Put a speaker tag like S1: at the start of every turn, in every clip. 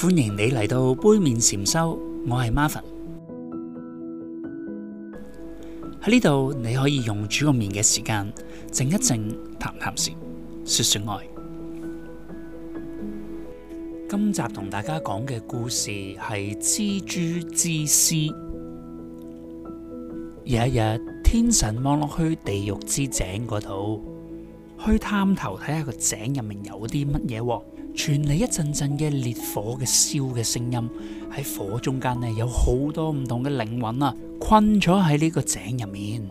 S1: 歡迎你嚟到杯麵禪修，我係 Marvin。喺呢度你可以用煮個麵嘅時間靜一靜，談談禪，說說愛。今集同大家講嘅故事係蜘蛛之絲。有一日，天神望落去地獄之井嗰度，去探頭睇下個井入面有啲乜嘢。傳嚟一陣陣嘅烈火嘅燒嘅聲音，喺火中間呢，有好多唔同嘅靈魂啊，困咗喺呢個井入面。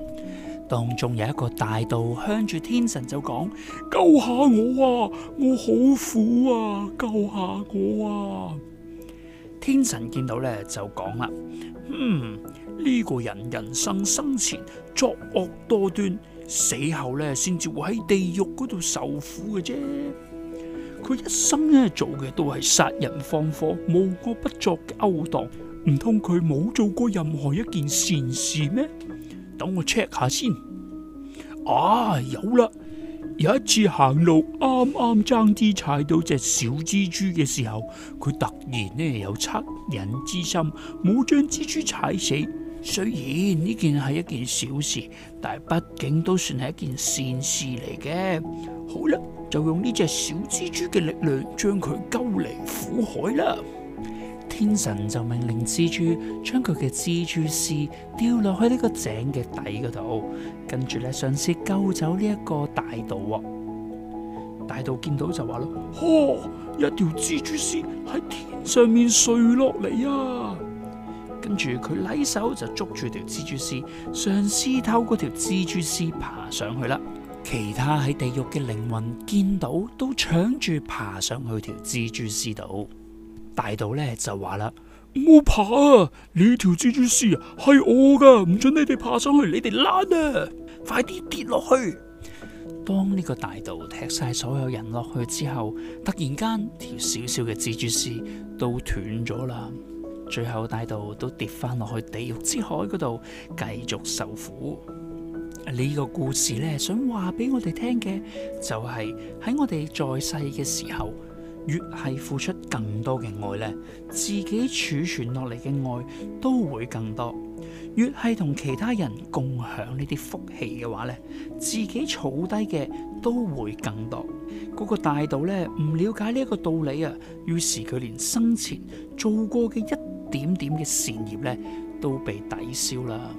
S1: 當中有一個大盜向住天神就講：救下我啊！我好苦啊！救下我啊！天神見到呢，就講啦：嗯，呢個人人生生前作惡多端，死後呢，先至會喺地獄嗰度受苦嘅啫。佢一生咧做嘅都係殺人放火、無惡不作嘅勾當，唔通佢冇做過任何一件善事咩？等我 check 下先。啊，有啦！有一次行路，啱啱爭啲踩到隻小蜘蛛嘅時候，佢突然咧有惻隱之心，冇將蜘蛛踩死。雖然呢件係一件小事，但係畢竟都算係一件善事嚟嘅。好啦，就用呢隻小蜘蛛嘅力量，將佢救離苦海啦！天神就命令蜘蛛將佢嘅蜘蛛絲吊落喺呢個井嘅底嗰度，跟住咧，嘗試救走呢一個大盜。大盜見到就話啦：，嗬、哦，一條蜘蛛絲喺天上面垂落嚟啊！跟住佢攏手就捉住條蜘蛛絲，嘗試透過條蜘蛛絲爬上去啦。其他喺地獄嘅靈魂見到都搶住爬上去條蜘蛛絲度。大盜呢就話啦：，我爬啊，呢條蜘蛛絲啊係我噶，唔准你哋爬上去，你哋懶啊，快啲跌落去。當呢個大盜踢晒所有人落去之後，突然間條小小嘅蜘蛛絲都斷咗啦。最後大盜都跌返落去地獄之海嗰度，繼續受苦。呢、這個故事呢，想話畀我哋聽嘅就係、是、喺我哋在世嘅時候。越係付出更多嘅愛呢，自己儲存落嚟嘅愛都會更多；越係同其他人共享呢啲福氣嘅話呢，自己儲低嘅都會更多。嗰個大盜呢，唔了解呢一個道理啊，於是佢連生前做過嘅一點點嘅善業呢，都被抵消啦。